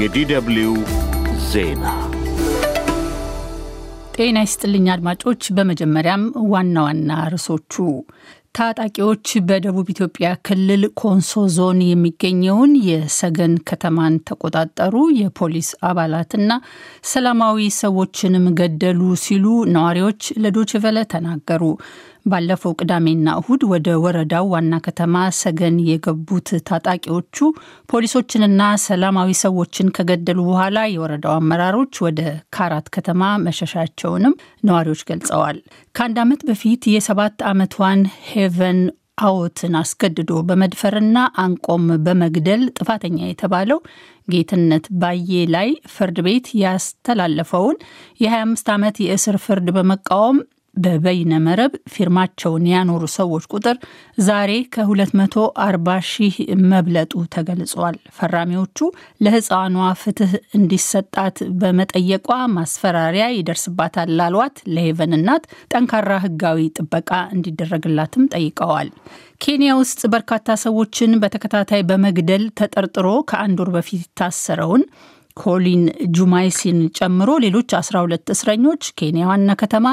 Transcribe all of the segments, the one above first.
የዲደብልዩ ዜና ጤና ይስጥልኝ አድማጮች። በመጀመሪያም ዋና ዋና ርዕሶቹ ታጣቂዎች በደቡብ ኢትዮጵያ ክልል ኮንሶ ዞን የሚገኘውን የሰገን ከተማን ተቆጣጠሩ፣ የፖሊስ አባላትና ሰላማዊ ሰዎችንም ገደሉ ሲሉ ነዋሪዎች ለዶችቨለ ተናገሩ። ባለፈው ቅዳሜና እሁድ ወደ ወረዳው ዋና ከተማ ሰገን የገቡት ታጣቂዎቹ ፖሊሶችንና ሰላማዊ ሰዎችን ከገደሉ በኋላ የወረዳው አመራሮች ወደ ካራት ከተማ መሸሻቸውንም ነዋሪዎች ገልጸዋል። ከአንድ ዓመት በፊት የሰባት ዓመቷን ሄ ዴቨን አውትን አስገድዶ በመድፈርና አንቆም በመግደል ጥፋተኛ የተባለው ጌትነት ባዬ ላይ ፍርድ ቤት ያስተላለፈውን የ25 ዓመት የእስር ፍርድ በመቃወም በበይነ መረብ ፊርማቸውን ያኖሩ ሰዎች ቁጥር ዛሬ ከ240 ሺህ መብለጡ ተገልጿል። ፈራሚዎቹ ለሕፃኗ ፍትህ እንዲሰጣት በመጠየቋ ማስፈራሪያ ይደርስባታል ላሏት ለሄቨን እናት ጠንካራ ሕጋዊ ጥበቃ እንዲደረግላትም ጠይቀዋል። ኬንያ ውስጥ በርካታ ሰዎችን በተከታታይ በመግደል ተጠርጥሮ ከአንድ ወር በፊት ታሰረውን ኮሊን ጁማይሲን ጨምሮ ሌሎች 12 እስረኞች ኬንያ ዋና ከተማ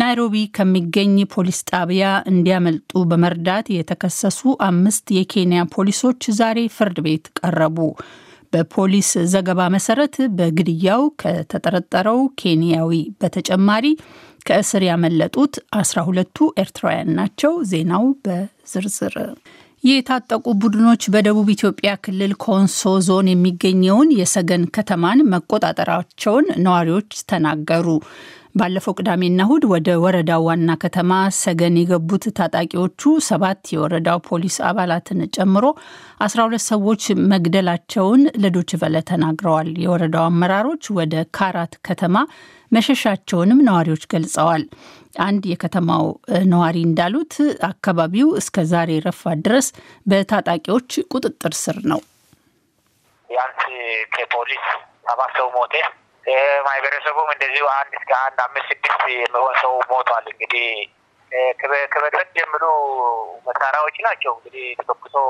ናይሮቢ ከሚገኝ ፖሊስ ጣቢያ እንዲያመልጡ በመርዳት የተከሰሱ አምስት የኬንያ ፖሊሶች ዛሬ ፍርድ ቤት ቀረቡ። በፖሊስ ዘገባ መሰረት በግድያው ከተጠረጠረው ኬንያዊ በተጨማሪ ከእስር ያመለጡት 12ቱ ኤርትራውያን ናቸው። ዜናው በዝርዝር የታጠቁ ቡድኖች በደቡብ ኢትዮጵያ ክልል ኮንሶ ዞን የሚገኘውን የሰገን ከተማን መቆጣጠራቸውን ነዋሪዎች ተናገሩ። ባለፈው ቅዳሜና እሁድ ወደ ወረዳው ዋና ከተማ ሰገን የገቡት ታጣቂዎቹ ሰባት የወረዳው ፖሊስ አባላትን ጨምሮ 12 ሰዎች መግደላቸውን ለዶችቨለ ተናግረዋል። የወረዳው አመራሮች ወደ ካራት ከተማ መሸሻቸውንም ነዋሪዎች ገልጸዋል። አንድ የከተማው ነዋሪ እንዳሉት አካባቢው እስከ ዛሬ ረፋት ድረስ በታጣቂዎች ቁጥጥር ስር ነው። ያንቺ ከፖሊስ ሰባት ሰው ሞተ። ማህበረሰቡም እንደዚሁ አንድ እስከ አንድ አምስት ስድስት የሚሆን ሰው ሞቷል። እንግዲህ ከመድረክ ጀምሮ መሳሪያዎች ናቸው እንግዲህ ተተኩሰው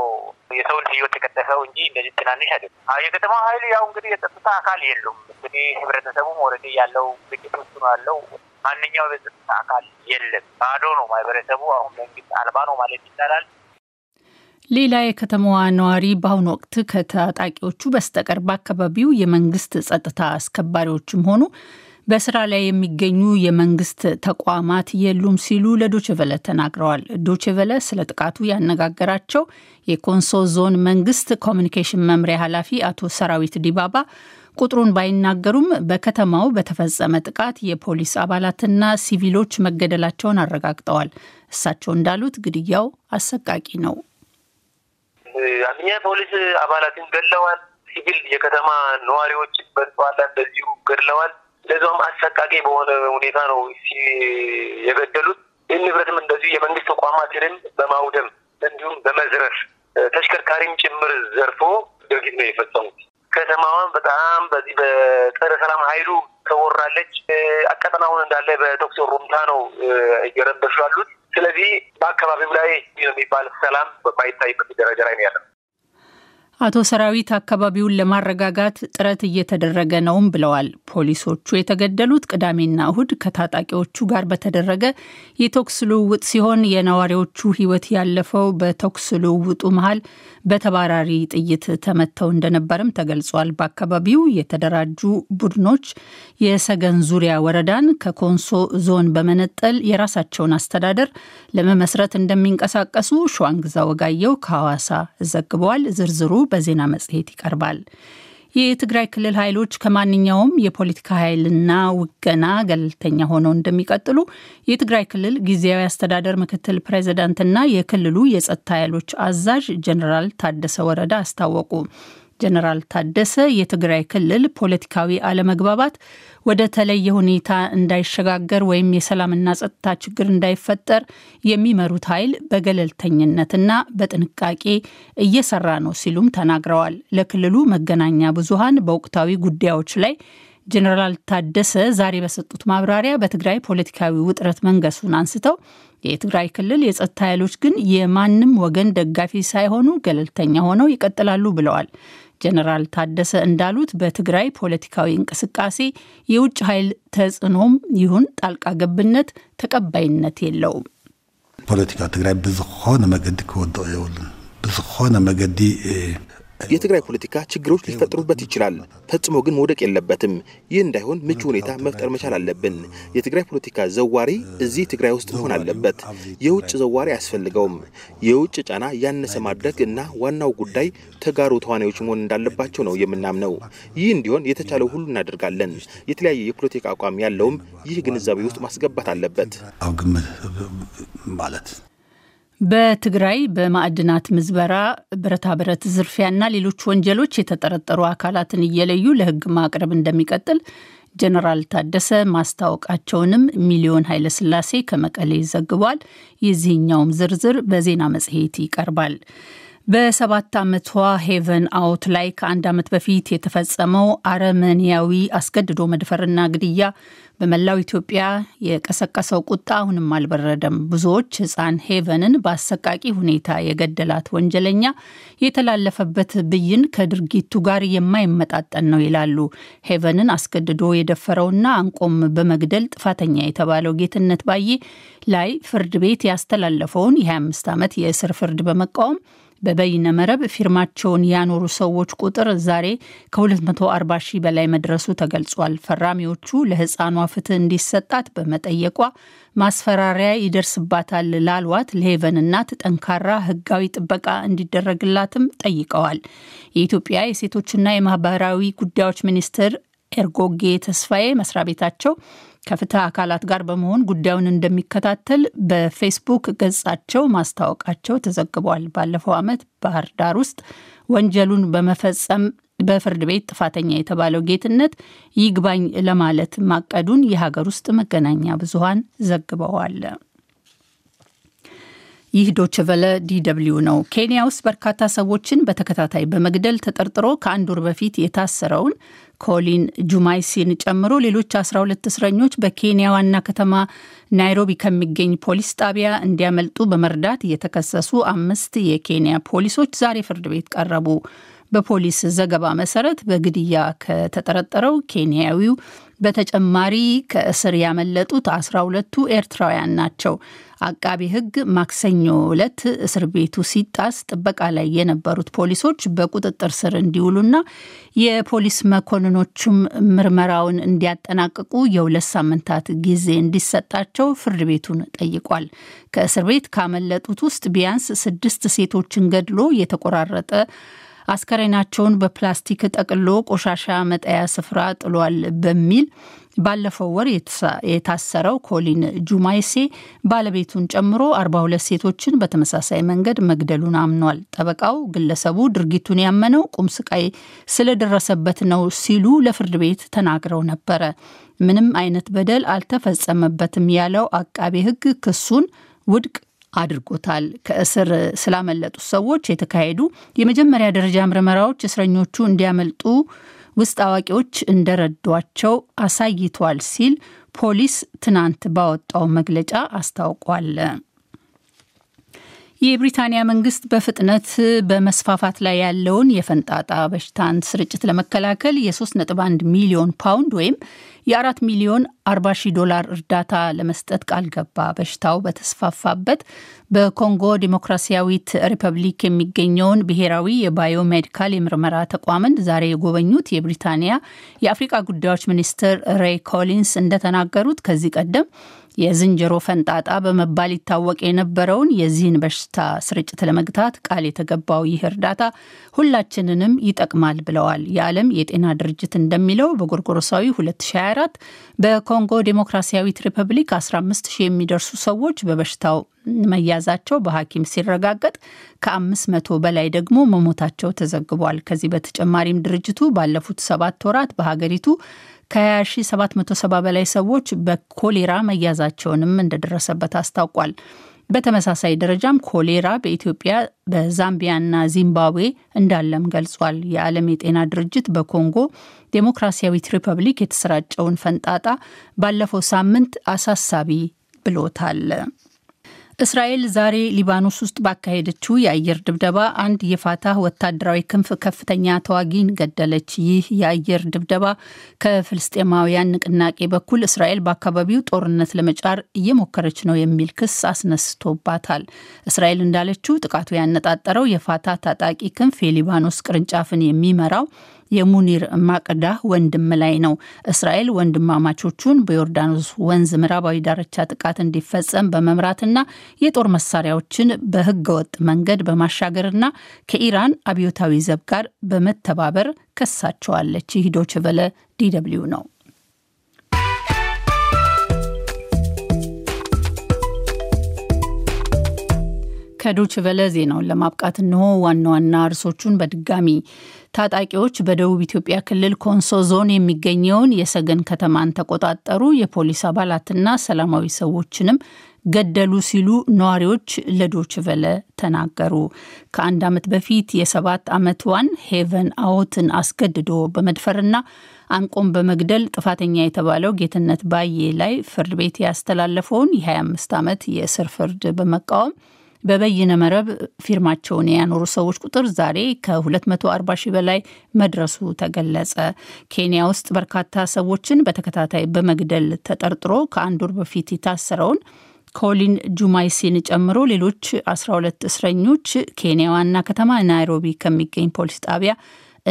የሰው ልጅ ህይወት የቀጠፈው እንጂ እንደዚህ ትናንሽ አይደለም። የከተማ ሀይል ያው እንግዲህ የጸጥታ አካል የለውም። እንግዲህ ህብረተሰቡም ወረዴ ያለው ግጭት ውስጥ ነው ያለው። ማንኛውም የጸጥታ አካል የለም። ባዶ ነው ማህበረሰቡ። አሁን መንግስት አልባ ነው ማለት ይቻላል። ሌላ የከተማዋ ነዋሪ በአሁኑ ወቅት ከታጣቂዎቹ በስተቀር በአካባቢው የመንግስት ጸጥታ አስከባሪዎችም ሆኑ በስራ ላይ የሚገኙ የመንግስት ተቋማት የሉም ሲሉ ለዶችቨለ ተናግረዋል። ዶችቨለ ስለ ጥቃቱ ያነጋገራቸው የኮንሶ ዞን መንግስት ኮሚኒኬሽን መምሪያ ኃላፊ አቶ ሰራዊት ዲባባ ቁጥሩን ባይናገሩም በከተማው በተፈጸመ ጥቃት የፖሊስ አባላትና ሲቪሎች መገደላቸውን አረጋግጠዋል። እሳቸው እንዳሉት ግድያው አሰቃቂ ነው። አንደኛ ፖሊስ አባላትን ገለዋል። ሲቪል የከተማ ነዋሪዎች በጠዋላ እንደዚሁ ገድለዋል። ለዛም አሰቃቂ በሆነ ሁኔታ ነው የገደሉት። ይህን ንብረትም እንደዚሁ የመንግስት ተቋማትንም በማውደም እንዲሁም በመዝረፍ ተሽከርካሪም ጭምር ዘርፎ ድርጊት ነው የፈጸሙት። ከተማዋን በጣም በዚህ በጸረ ሰላም ኃይሉ ተወራለች። አቀጠናውን እንዳለ በተኩስ ሩምታ ነው እየረበሹ ያሉት። ስለዚህ በአካባቢው ላይ የሚባል ሰላም በማይታይበት ደረጃ ላይ ነው ያለው። አቶ ሰራዊት አካባቢውን ለማረጋጋት ጥረት እየተደረገ ነውም ብለዋል። ፖሊሶቹ የተገደሉት ቅዳሜና እሁድ ከታጣቂዎቹ ጋር በተደረገ የተኩስ ልውውጥ ሲሆን የነዋሪዎቹ ህይወት ያለፈው በተኩስ ልውውጡ መሀል በተባራሪ ጥይት ተመተው እንደነበርም ተገልጿል። በአካባቢው የተደራጁ ቡድኖች የሰገን ዙሪያ ወረዳን ከኮንሶ ዞን በመነጠል የራሳቸውን አስተዳደር ለመመስረት እንደሚንቀሳቀሱ ሸዋንግዛ ወጋየው ከሐዋሳ ዘግበዋል። ዝርዝሩ በዜና መጽሔት ይቀርባል። የትግራይ ክልል ኃይሎች ከማንኛውም የፖለቲካ ኃይልና ውገና ገለልተኛ ሆነው እንደሚቀጥሉ የትግራይ ክልል ጊዜያዊ አስተዳደር ምክትል ፕሬዚዳንትና የክልሉ የጸጥታ ኃይሎች አዛዥ ጀኔራል ታደሰ ወረዳ አስታወቁ። ጀነራል ታደሰ የትግራይ ክልል ፖለቲካዊ አለመግባባት ወደ ተለየ ሁኔታ እንዳይሸጋገር ወይም የሰላምና ጸጥታ ችግር እንዳይፈጠር የሚመሩት ኃይል በገለልተኝነትና በጥንቃቄ እየሰራ ነው ሲሉም ተናግረዋል። ለክልሉ መገናኛ ብዙሃን በወቅታዊ ጉዳዮች ላይ ጀነራል ታደሰ ዛሬ በሰጡት ማብራሪያ በትግራይ ፖለቲካዊ ውጥረት መንገሱን አንስተው የትግራይ ክልል የጸጥታ ኃይሎች ግን የማንም ወገን ደጋፊ ሳይሆኑ ገለልተኛ ሆነው ይቀጥላሉ ብለዋል። ጀነራል ታደሰ እንዳሉት በትግራይ ፖለቲካዊ እንቅስቃሴ የውጭ ኃይል ተጽዕኖም ይሁን ጣልቃ ገብነት ተቀባይነት የለውም። ፖለቲካ ትግራይ ብዝኾነ መገዲ ክወድቕ የብሉን ብዝኾነ መገዲ የትግራይ ፖለቲካ ችግሮች ሊፈጥሩበት ይችላል፣ ፈጽሞ ግን መውደቅ የለበትም። ይህ እንዳይሆን ምቹ ሁኔታ መፍጠር መቻል አለብን። የትግራይ ፖለቲካ ዘዋሪ እዚህ ትግራይ ውስጥ መሆን አለበት። የውጭ ዘዋሪ አያስፈልገውም። የውጭ ጫና ያነሰ ማድረግ እና ዋናው ጉዳይ ተጋሩ ተዋናዮች መሆን እንዳለባቸው ነው የምናምነው። ይህ እንዲሆን የተቻለው ሁሉ እናደርጋለን። የተለያየ የፖለቲካ አቋም ያለውም ይህ ግንዛቤ ውስጥ ማስገባት አለበት። ማለት በትግራይ በማዕድናት ምዝበራ፣ ብረታብረት ዝርፊያና ሌሎች ወንጀሎች የተጠረጠሩ አካላትን እየለዩ ለህግ ማቅረብ እንደሚቀጥል ጀነራል ታደሰ ማስታወቃቸውንም ሚሊዮን ኃይለስላሴ ከመቀሌ ዘግቧል። የዚህኛውም ዝርዝር በዜና መጽሔት ይቀርባል። በሰባት ዓመቷ ሄቨን አውት ላይ ከአንድ ዓመት በፊት የተፈጸመው አረመኒያዊ አስገድዶ መድፈርና ግድያ በመላው ኢትዮጵያ የቀሰቀሰው ቁጣ አሁንም አልበረደም። ብዙዎች ሕፃን ሄቨንን በአሰቃቂ ሁኔታ የገደላት ወንጀለኛ የተላለፈበት ብይን ከድርጊቱ ጋር የማይመጣጠን ነው ይላሉ። ሄቨንን አስገድዶ የደፈረውና አንቆም በመግደል ጥፋተኛ የተባለው ጌትነት ባዬ ላይ ፍርድ ቤት ያስተላለፈውን የ25 ዓመት የእስር ፍርድ በመቃወም በበይነ መረብ ፊርማቸውን ያኖሩ ሰዎች ቁጥር ዛሬ ከ240 ሺህ በላይ መድረሱ ተገልጿል። ፈራሚዎቹ ለሕፃኗ ፍትህ እንዲሰጣት በመጠየቋ ማስፈራሪያ ይደርስባታል ላሏት ለሄቨን እናት ጠንካራ ሕጋዊ ጥበቃ እንዲደረግላትም ጠይቀዋል። የኢትዮጵያ የሴቶችና የማህበራዊ ጉዳዮች ሚኒስትር ኤርጎጌ ተስፋዬ መስሪያ ቤታቸው ከፍትህ አካላት ጋር በመሆን ጉዳዩን እንደሚከታተል በፌስቡክ ገጻቸው ማስታወቃቸው ተዘግቧል። ባለፈው ዓመት ባህር ዳር ውስጥ ወንጀሉን በመፈጸም በፍርድ ቤት ጥፋተኛ የተባለው ጌትነት ይግባኝ ለማለት ማቀዱን የሀገር ውስጥ መገናኛ ብዙሃን ዘግበዋል። ይህ ዶችቨለ ዲደብልዩ ነው። ኬንያ ውስጥ በርካታ ሰዎችን በተከታታይ በመግደል ተጠርጥሮ ከአንድ ወር በፊት የታሰረውን ኮሊን ጁማይሲን ጨምሮ ሌሎች 12 እስረኞች በኬንያ ዋና ከተማ ናይሮቢ ከሚገኝ ፖሊስ ጣቢያ እንዲያመልጡ በመርዳት የተከሰሱ አምስት የኬንያ ፖሊሶች ዛሬ ፍርድ ቤት ቀረቡ። በፖሊስ ዘገባ መሰረት በግድያ ከተጠረጠረው ኬንያዊው በተጨማሪ ከእስር ያመለጡት 12ቱ ኤርትራውያን ናቸው። አቃቢ ሕግ ማክሰኞ ዕለት እስር ቤቱ ሲጣስ ጥበቃ ላይ የነበሩት ፖሊሶች በቁጥጥር ስር እንዲውሉና የፖሊስ መኮንኖቹም ምርመራውን እንዲያጠናቅቁ የሁለት ሳምንታት ጊዜ እንዲሰጣቸው ፍርድ ቤቱን ጠይቋል። ከእስር ቤት ካመለጡት ውስጥ ቢያንስ ስድስት ሴቶችን ገድሎ የተቆራረጠ አስከሬናቸውን በፕላስቲክ ጠቅሎ ቆሻሻ መጣያ ስፍራ ጥሏል በሚል ባለፈው ወር የታሰረው ኮሊን ጁማይሴ ባለቤቱን ጨምሮ 42 ሴቶችን በተመሳሳይ መንገድ መግደሉን አምኗል። ጠበቃው ግለሰቡ ድርጊቱን ያመነው ቁም ስቃይ ስለደረሰበት ነው ሲሉ ለፍርድ ቤት ተናግረው ነበረ። ምንም አይነት በደል አልተፈጸመበትም ያለው አቃቤ ሕግ ክሱን ውድቅ አድርጎታል። ከእስር ስላመለጡ ሰዎች የተካሄዱ የመጀመሪያ ደረጃ ምርመራዎች እስረኞቹ እንዲያመልጡ ውስጥ አዋቂዎች እንደረዷቸው አሳይቷል ሲል ፖሊስ ትናንት ባወጣው መግለጫ አስታውቋል። የብሪታንያ መንግስት በፍጥነት በመስፋፋት ላይ ያለውን የፈንጣጣ በሽታን ስርጭት ለመከላከል የ3.1 ሚሊዮን ፓውንድ ወይም የ4 ሚሊዮን 40 ሺህ ዶላር እርዳታ ለመስጠት ቃል ገባ። በሽታው በተስፋፋበት በኮንጎ ዲሞክራሲያዊት ሪፐብሊክ የሚገኘውን ብሔራዊ የባዮሜዲካል የምርመራ ተቋምን ዛሬ የጎበኙት የብሪታንያ የአፍሪቃ ጉዳዮች ሚኒስትር ሬይ ኮሊንስ እንደተናገሩት ከዚህ ቀደም የዝንጀሮ ፈንጣጣ በመባል ይታወቅ የነበረውን የዚህን በሽታ ስርጭት ለመግታት ቃል የተገባው ይህ እርዳታ ሁላችንንም ይጠቅማል ብለዋል። የዓለም የጤና ድርጅት እንደሚለው በጎርጎሮሳዊ 2024 በኮንጎ ዴሞክራሲያዊት ሪፐብሊክ 15 ሺህ የሚደርሱ ሰዎች በበሽታው መያዛቸው በሐኪም ሲረጋገጥ ከአምስት መቶ በላይ ደግሞ መሞታቸው ተዘግቧል። ከዚህ በተጨማሪም ድርጅቱ ባለፉት ሰባት ወራት በሀገሪቱ ከ2770 በላይ ሰዎች በኮሌራ መያዛቸውንም እንደደረሰበት አስታውቋል። በተመሳሳይ ደረጃም ኮሌራ በኢትዮጵያ በዛምቢያና ዚምባብዌ እንዳለም ገልጿል። የዓለም የጤና ድርጅት በኮንጎ ዴሞክራሲያዊት ሪፐብሊክ የተሰራጨውን ፈንጣጣ ባለፈው ሳምንት አሳሳቢ ብሎታል። እስራኤል ዛሬ ሊባኖስ ውስጥ ባካሄደችው የአየር ድብደባ አንድ የፋታህ ወታደራዊ ክንፍ ከፍተኛ ተዋጊን ገደለች። ይህ የአየር ድብደባ ከፍልስጤማውያን ንቅናቄ በኩል እስራኤል በአካባቢው ጦርነት ለመጫር እየሞከረች ነው የሚል ክስ አስነስቶባታል። እስራኤል እንዳለችው ጥቃቱ ያነጣጠረው የፋታህ ታጣቂ ክንፍ የሊባኖስ ቅርንጫፍን የሚመራው የሙኒር ማቅዳህ ወንድም ላይ ነው። እስራኤል ወንድማማቾቹን በዮርዳኖስ ወንዝ ምዕራባዊ ዳርቻ ጥቃት እንዲፈጸም በመምራትና የጦር መሳሪያዎችን በህገወጥ መንገድ በማሻገርና ከኢራን አብዮታዊ ዘብ ጋር በመተባበር ከሳቸዋለች። ይህ ዶይቼ ቬለ ነው። ከዶችቨለ ዜናውን ለማብቃት እንሆ ዋና ዋና እርሶቹን በድጋሚ ታጣቂዎች በደቡብ ኢትዮጵያ ክልል ኮንሶ ዞን የሚገኘውን የሰገን ከተማን ተቆጣጠሩ፣ የፖሊስ አባላትና ሰላማዊ ሰዎችንም ገደሉ ሲሉ ነዋሪዎች ለዶችቨለ ተናገሩ። ከአንድ ዓመት በፊት የሰባት ዓመቷን ሄቨን አዎትን አስገድዶ በመድፈርና አንቆም በመግደል ጥፋተኛ የተባለው ጌትነት ባዬ ላይ ፍርድ ቤት ያስተላለፈውን የ25 ዓመት የእስር ፍርድ በመቃወም በበይነ መረብ ፊርማቸውን ያኖሩ ሰዎች ቁጥር ዛሬ ከ240 ሺህ በላይ መድረሱ ተገለጸ። ኬንያ ውስጥ በርካታ ሰዎችን በተከታታይ በመግደል ተጠርጥሮ ከአንድ ወር በፊት የታሰረውን ኮሊን ጁማይሲን ጨምሮ ሌሎች 12 እስረኞች ኬንያ ዋና ከተማ ናይሮቢ ከሚገኝ ፖሊስ ጣቢያ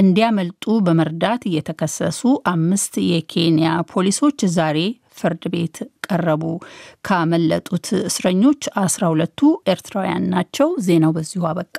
እንዲያመልጡ በመርዳት የተከሰሱ አምስት የኬንያ ፖሊሶች ዛሬ ፍርድ ቤት ቀረቡ። ካመለጡት እስረኞች አስራ ሁለቱ ኤርትራውያን ናቸው። ዜናው በዚሁ አበቃ።